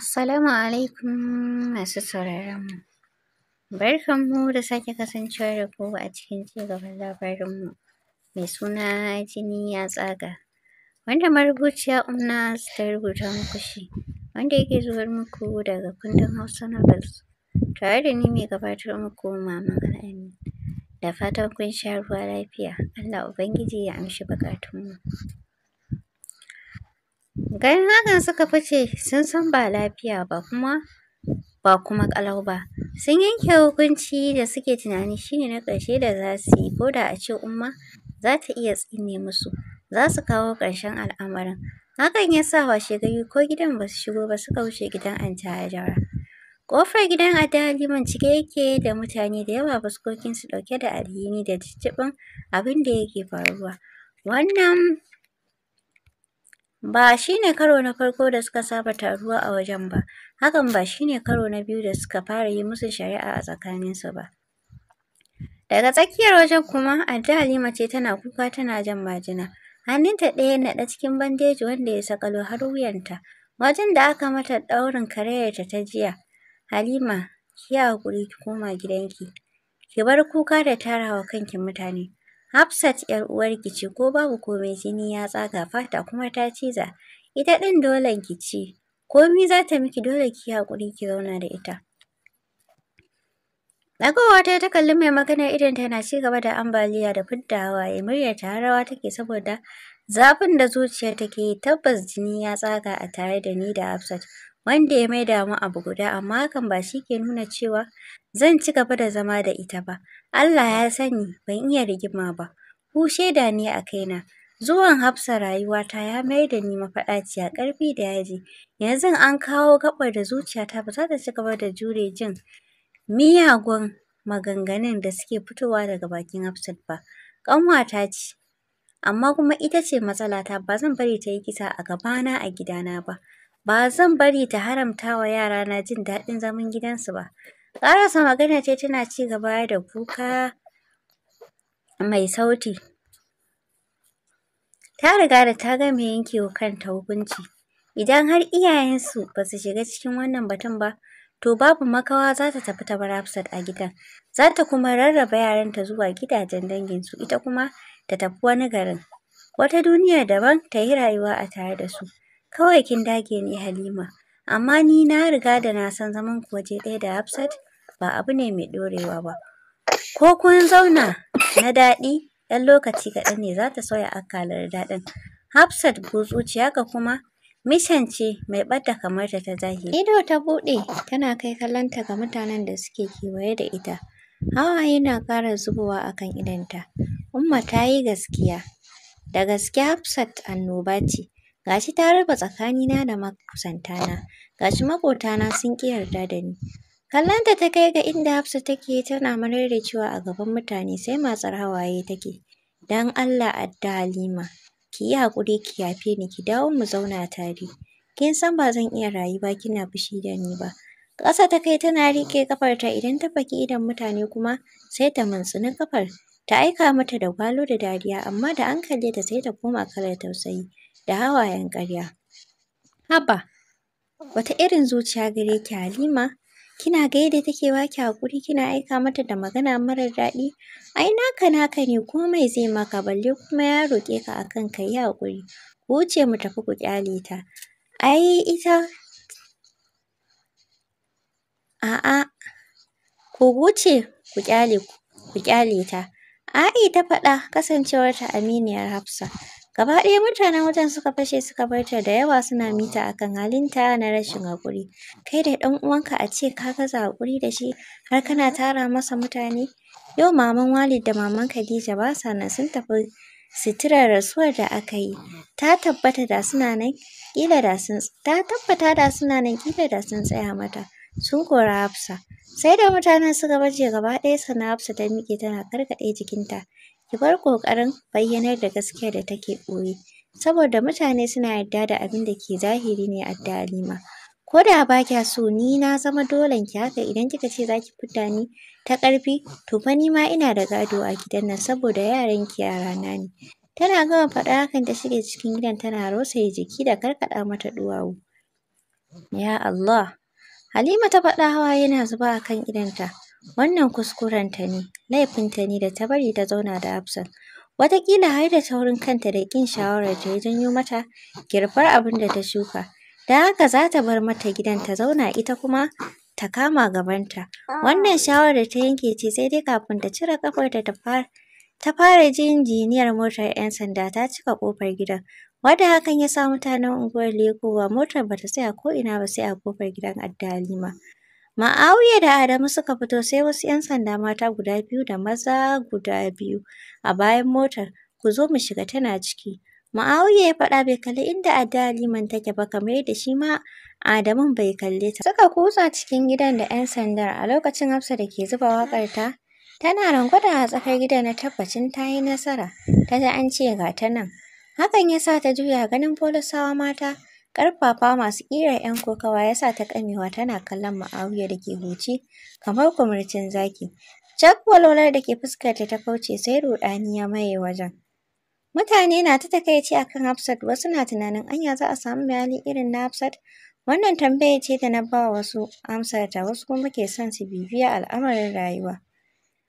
Assalamu alaikum masu mu barkan mu da sake kasancewa da ku a cikin cigaban mu mai suna jini ya tsaga. Wanda marubuciya Umna ta rubuta muku shi, wanda yake zuwar muku daga kundin Hausa Novels, tare da ni mai gabatar muku Maman Al'amin. Da fatan kun sha ruwa lafiya, Allah Ubangiji ya amshi mu Ganin hakan suka fice sun san ba lafiya ba kuma ba kuma ƙalau ba. Sun yanke hukunci da suke tunani shine na ƙarshe da za su yi ko da a ce umma za ta iya tsine musu. Za su kawo ƙarshen al'amarin. Hakan ya sa washegari ko gidan ba su shigo ba suka wuce gidan anti Hajara. Ƙofar gidan adali Liman cike yake da mutane da yawa fuskokinsu ɗauke da alhini da jijjiɓin abin da yake faruwa. Wannan Ba shi ne karo na farko da suka saba taruwa a wajen ba, hakan ba shi ne karo na biyu da suka fara yi musu shari'a a tsakaninsu ba. Daga tsakiyar wajen kuma, Adda Halima ce tana kuka tana jan majina. Hannunta ɗaya na ɗa cikin bandeji wanda ya sakalo har wuyanta. Wajen da aka mata ɗaurin karayarta ta jiya. Halima, ki yi haƙuri ki koma gidanki. Ki bar kuka da tarawa kanki mutane. Hafsat ‘yar uwar kici ko babu komai jini ya tsaga fata kuma ta ciza. Ita ɗin dolen ki ce, komi za ta miki dole ki haƙuri ki zauna da ita. Ɗagawa ta ta kalli mai magana idan tana ci gaba da ambaliya da fidda hawaye muryar ta harawa take saboda zafin da zuciya take yi tabbas jini ya tsaga a tare da ni da Hafsat wanda ya maida mu abu guda amma hakan ba shi ke nuna cewa zan ci gaba da zama da ita ba. Allah ya sani ban iya rigima ba, ku sheda ne a kaina. Zuwan Hafsa rayuwata ya mayar da ni a karfi da yaji. Yanzu an kawo gaɓar da zuciyata ba za ta ci gaba da jure jin miyagun maganganun da suke fitowa daga bakin Hafsat ba. Ƙanwata ce, amma kuma ita ce matsalata ba zan bari ta yi kisa a gabana a gidana ba. Ba zan bari ta haramta wa yarana jin daɗin zaman gidansu ba. Ƙararsa magana ce tana ci gaba da kuka mai sauti. Ta riga da ta gama yanke wa kanta hukunci. Idan har iyayensu ba su shiga cikin wannan batun ba, to babu makawa za ta tafi ta bar Hafsat a gidan. Za ta kuma rarraba yaranta zuwa gidajen danginsu, ita kuma ta tafi wani garin. Wata duniya daban ta yi rayuwa a tare da su. Kawai kin dage ni, Halima. Amma ni na riga da na san zaman ku waje ɗaya da Hafsat ba abu ne mai ɗorewa ba. Ko kun zauna na daɗi ɗan lokaci kaɗan ne za ta sauya akalar daɗin. Hafsat butsuciya ka kuma mishan ce mai ɓata kamar ta ta zahiri. Ido ta buɗe tana kai kallonta ga mutanen da suke kewaye da ita. Hawaye yana ƙara zubowa a kan idonta. Umma ta yi gaskiya. Da gaske Hafsat annoba ce. Gashi ta raba tsakanina da makusantana, gashi makotana sun ƙi yarda da ni. Kallonta ta kai ga inda Hafsa take tana cewa a gaban mutane sai matsar hawaye take. Dan Allah adda Halima, ki yi hakuri ki yafe ni ki dawo mu zauna tare. Kin san ba zan iya rayuwa kina fushi da ni ba. Ƙasa ta kai tana riƙe ta, idan ta faki idon mutane kuma sai ta Na ƙafar. Ta aika mata da gwalo da dariya amma da an ta sai ta koma kalar tausayi. da hawayen ƙarya. Haba! Wata irin zuciya gare ki Halima, kina ga yadda take ba ki haƙuri kina aika mata da magana marar daɗi? Ai naka naka ne komai zai maka balle kuma ya roƙe ka akan ka yi haƙuri, ku wuce mu tafi ku ƙyale ta. Ai ita a'a ku wuce ku ƙyale ku ƙyale ta. A'a ita faɗa kasancewarta aminiyar Hafsa. Gaba ɗaya mutanen wajen suka fashe suka bar ta da yawa suna mita akan halinta na rashin haƙuri. Kai da ɗan uwanka a ce ka gaza haƙuri da shi har kana tara masa mutane. Yau maman Walid da maman Khadija ba sa nan sun tafi sitirar rasuwar da aka yi. Ta tabbata da suna nan ƙila da sun ta tabbata da suna nan ƙila da sun tsaya mata. Sun kora Hafsa. Sai da mutanen suka baje gaba ɗaya sana Hafsa ta miƙe tana gargaɗe jikinta. ki bar ƙoƙarin bayyanar da gaskiya da take ɓoye saboda mutane suna yadda da abin da ke zahiri ne a dalima. Ko da ba kya so ni na zama dolen ki haka idan kika ce zaki ki fidda ni ta ƙarfi to fa ni ma ina da gado a gidan nan saboda yaran ki na ne. Tana gama faɗa hakan ta shige cikin gidan tana rausaya jiki da karkaɗa mata duwawu. Ya Allah! Halima ta faɗa hawa yana zuba akan kan idonta. Wannan kuskuren ta ne, laifin ta ne da ta bari ta zauna da Hafsat. Wataƙila har da taurin kanta da ƙin ta yi janyo mata girbar abin da ta shuka. dan haka za ta bar mata gidan ta zauna ita kuma ta kama gabanta. Wannan shawarar da ta yanke ce sai dai kafin ta cire ƙafarta ta fara ta fara jin jiniyar motar 'yan sanda ta cika ƙofar gidan. Wadda hakan ya sa mutanen unguwar lekowa motar ba ta tsaya ko'ina ba sai a ƙofar gidan Adda Halima. Ma'awiya da Adamu suka fito sai wasu 'yan sanda mata guda biyu da maza guda biyu a bayan motar. Ku zo mu shiga tana ciki. Ma'awiya ya faɗa bai kalli inda Adda Liman take ba kamar yadda shi ma Adamun bai kalli ta. Suka kutsa cikin gidan da 'yan sandar a lokacin Hafsa da ke zuba waƙar ta. Tana rangwada a tsakar gidan na tabbacin ta yi nasara. Ta ji an ce ga ta nan. Hakan ya sa ta juya ganin Folisawa mata karfafa masu ƙirar 'yan kokawa yasa ta kamewa tana kallon ma'auya da ke huci kamar kumurcin zaki. Jak walwalar da ke fuskarta ta kauce sai rudani ya maye wajen. Mutane na ta takaici akan Hafsat, wasu na tunanin anya za a samu bayani irin na Hafsat. Wannan tambaya ce da na ba wasu amsarta, wasu kuma ke son su bibiya al'amarin rayuwa.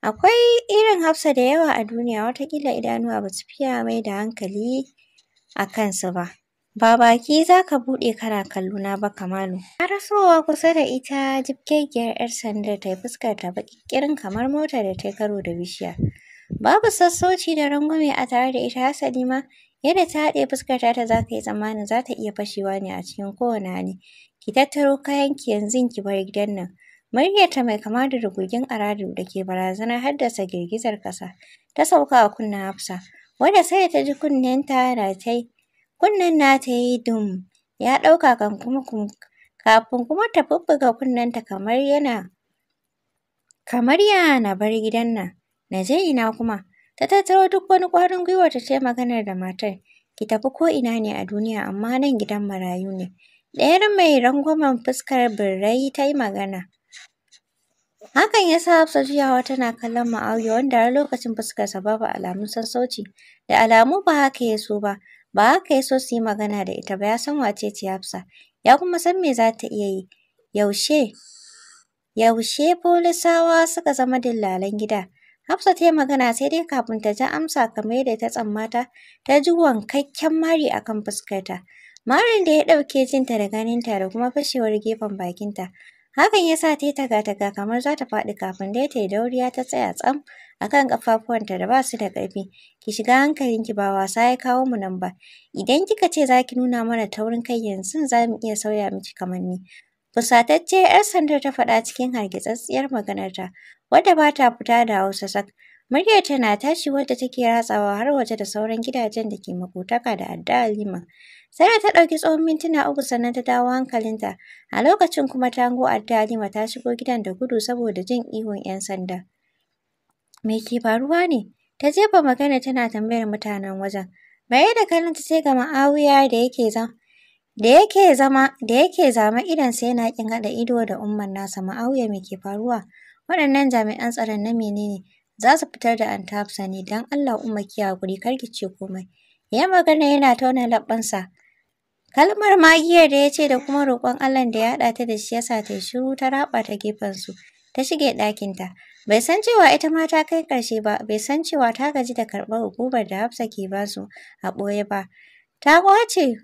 Akwai irin Hafsa da yawa a duniya, wataƙila idanuwa ba su fiya mai da hankali a kansu ba. Ba baki za ka buɗe kana na ba Kamalu. rasowa kusa da ita jibgeggiyar 'yar sanda ta yi fuskar ta baƙiƙirin kamar mota da ta karo da bishiya. Babu sassauci da rangwame a tare da ita hasali ma yadda ta haɗe fuskar ta za ka yi tsammanin za ta iya fashewa ne a cikin kowane hali. Ki tattaro kayanki yanzu ki bar gidan nan. Muryarta mai kama da rugugin aradu da ke barazanar haddasa girgizar ƙasa ta sauka a kunnen Hafsa, wadda sai da ta ji kunnenta na ta yi Kunnen nata yayi yi dum, ya ɗauka kafin kuma ta bubbuga kunnenta kamar yana kamar yana bar gidan nan, na je ina kuma. Ta tattaro duk wani ƙwarin gwiwar ta ce maganar da matar. Ki tafi ko ina ne a duniya amma nan gidan marayu ne. Ɗayar mai rangwamen fuskar birrai ta yi magana. Hakan ya sa Hafsa juyawa tana kallon Ma'auya wanda har lokacin fuskarsa babu alamun sassauci, da alamu ba haka ya so ba. ba haka ya so su yi magana da ita ba ya san wace ce Hafsa ya kuma san me za ta iya yi yaushe yaushe Folisawa suka zama dillalan gida Hafsa ta yi magana sai dai kafin ta ji amsa kamar yadda ta tsammata ta ji wankakken mari akan fuskarta marin da ya ɗauke jinta da ganinta da kuma fashewar gefen bakinta Hakan ya sa ta yi taga-taga kamar za ta faɗi kafin dai ta yi dauriya ta tsaya tsam a kan ƙafafuwanta da ba su da ƙarfi. Ki shiga hankalin ki ba wasa ya kawo mu nan ba. Idan kika ce za ki nuna mana taurin kai yanzu za mu iya sauya miki ni. Fusatacciyar 'yar sandar ta faɗa cikin hargitsatsiyar maganarta, wadda ba ta fita da Hausa sak. Muryar na tashi wadda take ratsawa har waje da sauran gidajen da ke makotaka da Adda Halima. Sarah ta ɗauki tsohon mintuna uku sannan ta dawo hankalinta. A lokacin kuma tango adda ta shigo gidan da gudu saboda jin ihun 'yan sanda. Me ke faruwa ne? Ta jefa magana tana tambayar mutanen wajen. Baye da kallonta sai ga Ma'awiya da yake zama da yake zama da yake zama idonsa yana ƙin haɗa ido da umman nasa. ma'auya me ke faruwa? Waɗannan jami'an tsaron na menene? Za su fitar da Antafsa ne don Allah Umma kiya guri kar ce komai. Ya magana yana tauna laɓɓansa. Kalmar magiyar da ya ce da kuma roƙon Allahn da ya haɗa ta da shi ya sa ta shiru ta raɓa ta gefensu, ta shige ɗakinta. Bai san cewa ita ma ta kai ƙarshe ba, bai san cewa ta gaji da karɓar hukumar da Hafsa ke ba su a ɓoye ba. Ta ƙwace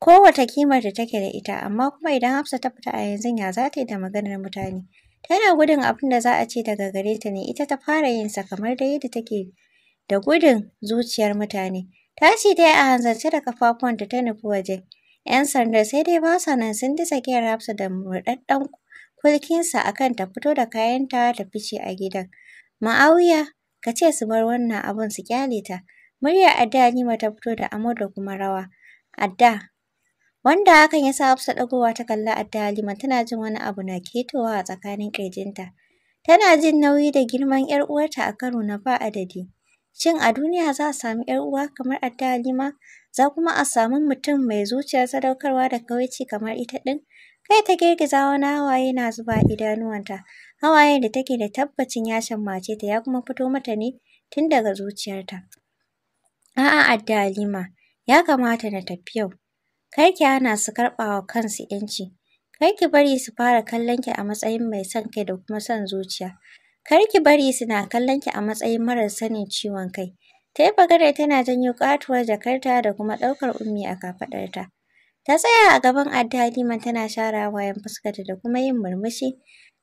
kowace kimar da take da ita, amma kuma idan Hafsa ta fita a yanzu ya za ta yi da maganar mutane? Tana gudun abin da za a ce daga gare ta ne, ita ta fara yin sa kamar da yadda take da gudun zuciyar mutane. Tashi dai a hanzarce da kafafuwan ta nufi waje. ‘Yan sanda sai dai ba sa nan sun ji tsakiyar Hafsa da murɗaɗɗen kulkinsa a kan ta fito da kayanta ta fice a gidan. Ma'awiya, ka ce su bar wannan abun su kyale ta. Muryar Adda Halima ta fito da amo da kuma rawa. Adda, wanda hakan ya sa Hafsa ɗagowa ta kalli Adda Halima tana jin wani abu na ketowa a tsakanin ƙirjinta. Tana jin nauyi da girman ‘yar uwarta a Kano na ba adadi. Shin a duniya za a sami ‘yar uwa kamar Adda Halima? Za kuma a samu mutum mai zuciyar sadaukarwa da kawaici kamar ita ɗin? Kai ta girgiza wani hawaye na zuba idanuwanta. Hawayen da take da tabbacin yashin shammace ta ya kuma fito mata ne tun daga zuciyarta. A'a Adda Halima, ya kamata na tafi yau. Kar ki hana su karɓa wa kansu ‘yanci. Kar ki bari su fara kallon ki a matsayin mai son kai da kuma son zuciya. Kar ki bari suna kallon ki a matsayin marar sanin ciwon kai. Ta yi maganar tana janyo ƙatuwar jakarta da kuma ɗaukar ummi a kafaɗarta. Ta tsaya a gaban Adda Halima tana share wayan fuskarta da kuma yin murmushi.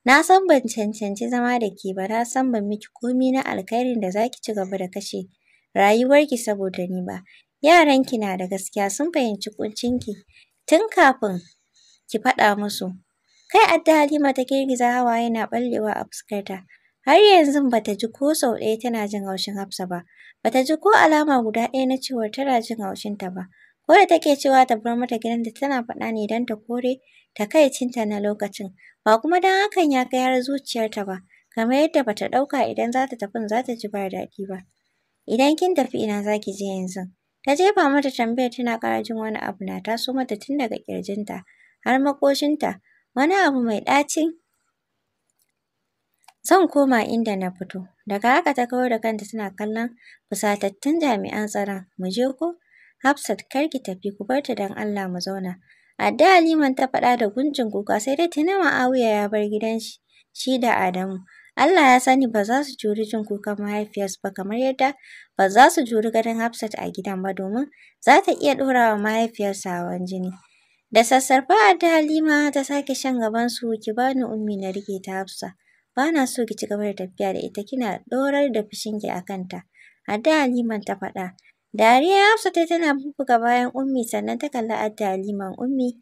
Na san ban cancanci zama da ke ba, na san ban miki komi na alkhairin da za ki ci gaba da kashe rayuwarki saboda ni ba. Yaranki na da gaskiya sun fahimci ƙuncinki tun kafin ki faɗa musu. Kai Adda Halima ta girgiza hawaye na ɓallewa a fuskarta. Har yanzu ba ta ji ko sau ɗaya tana jin haushin Hafsa ba, ba ta ji ko alama guda ɗaya na cewa tana jin haushin ta ba. Ko da take cewa ta bar mata gidan da tana faɗa ne don ta kore takaicinta na lokacin, ba kuma don hakan ya kai har zuciyarta ba, kamar yadda ba ta ɗauka idan za ta tafi za ta ji ba daɗi ba. Idan kin tafi ina za ki je yanzu? Ta jefa mata tambayar tana ƙara jin wani abu na taso mata tun daga ƙirjinta har maƙoshinta, wani abu mai ɗacin Zan koma inda na fito. Daga haka ta kawar da kanta tana kallon fusatattun jami'an tsaron. Mu je ko? Hafsat kar ki tafi ku barta ta don Allah mu zauna. Adda Haliman ta faɗa da gunjin kuka sai dai tuni Awiya ya bar gidan shi shi da Adamu. Allah ya sani ba za su juri jin kukan mahaifiyarsu ba kamar yadda ba za su juri ganin Hafsat a gidan ba domin za ta iya ɗora wa mahaifiyarsa hawan jini. Da sassarfa Adda Halima ta sake shan gabansu ki bani ummi na rike ta Hafsa. ba na so ki ci gaba da tafiya da ita kina ɗorar da ki a kanta. A da, liman ta faɗa. Dariya Hafsa ta tana bubuga bayan Ummi sannan ta kalli Adda Haliman Ummi.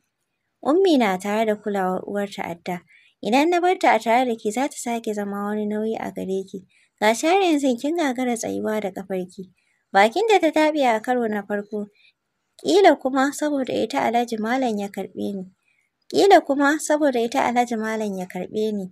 Ummi na tare da kulawar uwarta Adda. Idan na barta a tare da ki za ta sake zama wani nauyi a gare ki. Ga shi har yanzu kin gagara tsayuwa da bakin Bakinta ta taɓe a karo na farko. Ƙila kuma saboda ita Alhaji Malam ya karɓe ni. kila kuma saboda ita Alhaji Malam ya karɓe ni.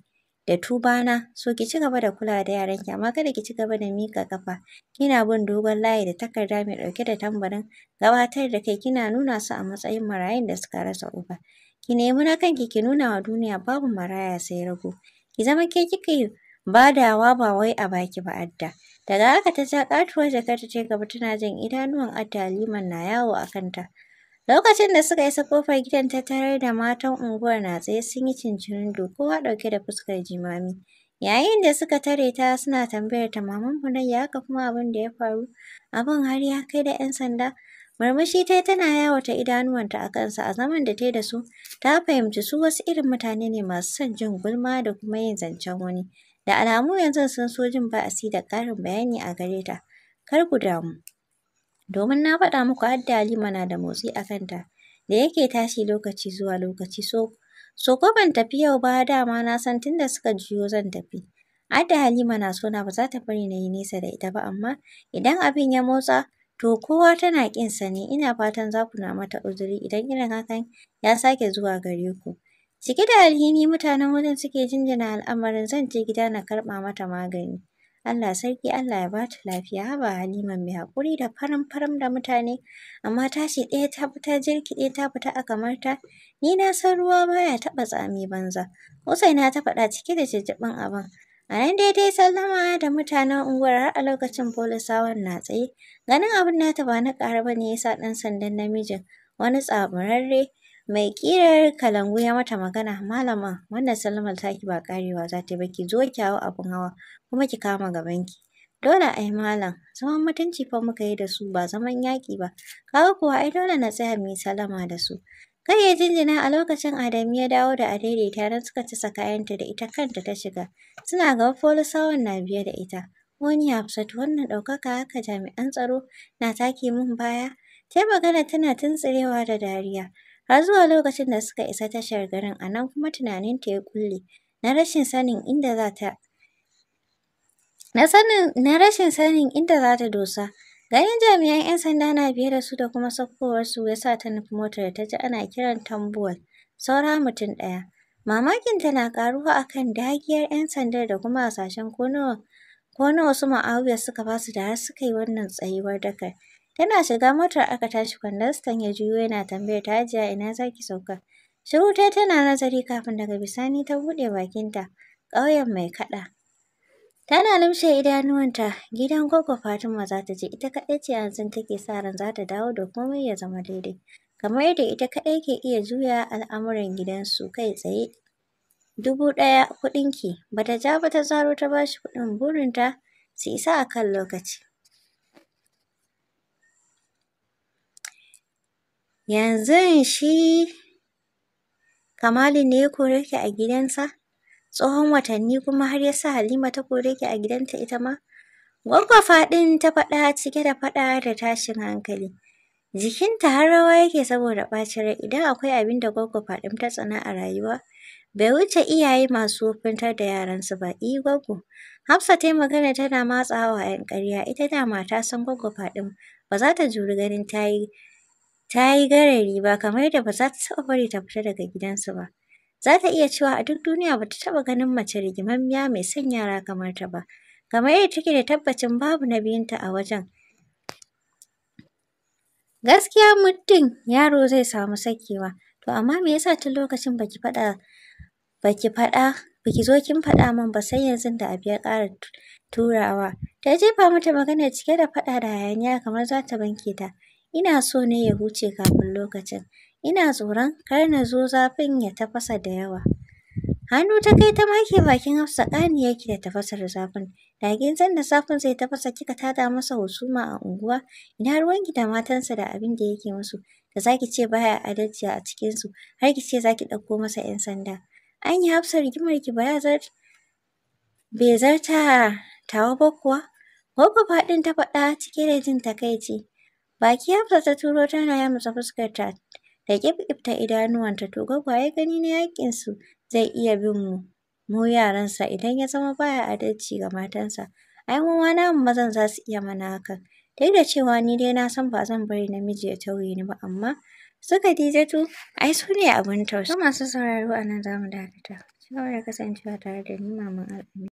da tubana so ki ci gaba da kula da yaran ki amma kada ki ci gaba da mika kafa kina bin dogon layi da takarda mai ɗauke da tambarin gabatar da kai kina nuna su a matsayin marayun da suka rasa uba ki nemi na kanki ki nuna wa duniya babu maraya sai rago ki zama ke kika yi badawa ba wai a baki ba adda daga haka ta ja katuwar jakar ta ce gaba tana jin idanuwan adda liman na yawo a kanta Lokacin da suka isa kofar gidan ta tarar da matan unguwar na tsaye sun yi duk kowa ɗauke da fuskar jimami. Yayin da suka tare ta suna tambayar ta maman ya haka kuma abin da ya faru abin har ya kai da 'yan sanda. Murmushi tai tana yawata idanuwanta a kansa a zaman da ta da su ta fahimci su wasu irin mutane ne masu son jin gulma da kuma yin zancen wani. Da alamu yanzu sun so jin ba'asi da ƙarin bayani a gare ta. Kar ku damu. Domin na faɗa muku hadda Halima na da motsi a kanta da yake tashi lokaci zuwa lokaci so so ko ban tafi yau ba dama na san tunda suka juyo zan tafi. Hadda Halima na so na ba za ta bari na yi nesa da ita ba amma idan abin ya motsa to kowa tana kin sa ne ina fatan za ku na mata uzuri idan irin hakan ya sake zuwa gare ku. Cike da alhini mutanen wurin suke jinjina al'amarin zan je gida na karɓa mata magani. Allah sarki Allah ya bata lafiya haba Halima mai haƙuri da farin farin da mutane amma tashi ɗaya ta fita jirkiɗe ta fita a kamar ni na san ruwa baya taɓa tsami banza Husaina ta faɗa cike da jijjiɓin abin a nan daidai sallama da mutanen unguwar har a lokacin polisawan na tsaye ganin abin nata ba na ƙara ba ne ya sa ɗan sandan namijin wani tsabararre mai ƙirar kalangu ya mata magana malama wannan sallamar taki ba karewa za ta yi ba ki zo ki hau abin hawa kuma ki kama gabanki dole ai malam zaman mutunci fa muka yi da su ba zaman yaƙi ba kaga kuwa ai dole na tsaya mu yi sallama da su kai ya jinjina a lokacin Adamu ya dawo da adaidaita don suka cisa kayanta da ita kanta ta shiga suna ga folisawan na biye da ita wani Hafsatu wannan ɗaukaka haka jami'an tsaro na take mun baya ta magana tana tuntsirewa da dariya Har zuwa lokacin da suka isa tashar garin a nan kuma tunaninta ya ƙulle na rashin sanin inda za ta na sanin na rashin sanin inda za ta dosa. Ganin jami'an 'yan sanda na biye da su da kuma saukowarsu ya sa ta nufi motar ta ji ana kiran tambuwal. Saura mutum ɗaya. Mamakinta na ƙaruwa a kan dagiyar 'yan sandar da kuma hasashen ko nawa ko nawa su suka ba su da har suka yi wannan tsayuwar dakar. Tana shiga motar aka tashi kwandastan ya juyo yana tambayar ta hajiya ina za ki sauka. Shiru ta tana nazari kafin daga bisani ta buɗe bakinta. Ƙauyen mai kaɗa. Tana lumshe idanuwanta gidan Goggo Fatima za ta je ita kaɗai ce yanzu take sa ran za ta dawo da komai ya zama daidai. Kamar yadda ita kaɗai ke iya juya al'amuran gidan su kai tsaye. Dubu ɗaya kuɗinki ba ta ja ba ta zaro ta ba shi kuɗin burinta su isa a kan lokaci. Yanzu shi Kamalu ne ya kore ki a gidansa, Tsohon watanni kuma har ya sa Halima ta kore ki a gidanta ita ma? Gwaggwafa fadin ta faɗa cike da faɗa da tashin hankali. Jikinta har rawa yake saboda ɓacin rai idan akwai abin da gwaggwafa ɗin ta tsana a rayuwa. Bai wuce iyaye masu wofintar da yaran su ba, i eh, gwaggo. Hafsa ta yi magana tana matsawa 'yan ƙarya, ita da mata san gwaggwafa ɗin ba za ta juri ganin ta yi Ta yi garari ba kamar da ba za ta taɓa bari ta fita daga gidansu ba. Za ta iya cewa a duk duniya ba ta taɓa ganin mace rigimammiya mai son yara kamar ta ba. Kamar yadda take da tabbacin babu na biyun ta a wajen. Gaskiya muddin yaro zai samu sakewa. To amma me yasa tun lokacin baki faɗa baki faɗa baki zo kin faɗa min ba sai yanzu da abu ya ƙara turawa. Ta jefa mata magana cike da faɗa da hayaniya kamar za ta banke ta. Ina so ne ya huce kafin lokacin. Ina tsoron kar na zo zafin ya tafasa da yawa. Hannu ta kai ta make bakin Hafsa ƙani yake da tafasar zafin. Da kin san da zafin zai tafasa kika tada masa husuma a unguwa, ina ruwan gida matansa da abin da yake musu, da zaki ce baya adalci a cikinsu, har ki ce zaki ɗauko masa 'yan sanda. An yi Hafsa rigimar ba ya bai zarta tawa ba kuwa? Gwaggo faɗin ta faɗa cike da jin takaici. Baki hafsa ta turo tana yamutsa ta da ta idanuwanta to gwagwaye gani na su zai iya bin mu mu sa idan ya zama baya adalci ga matansa. Ai mu ma namu mazan za su iya mana haka Duk da cewa ni dai na san ba zan bari namiji ya tauye ni ba amma su Khadijatu ai su ne abin tausayi. masu sauraro a nan za mu dakata. Ci gaba da kasancewa tare da ni Maman al'umma.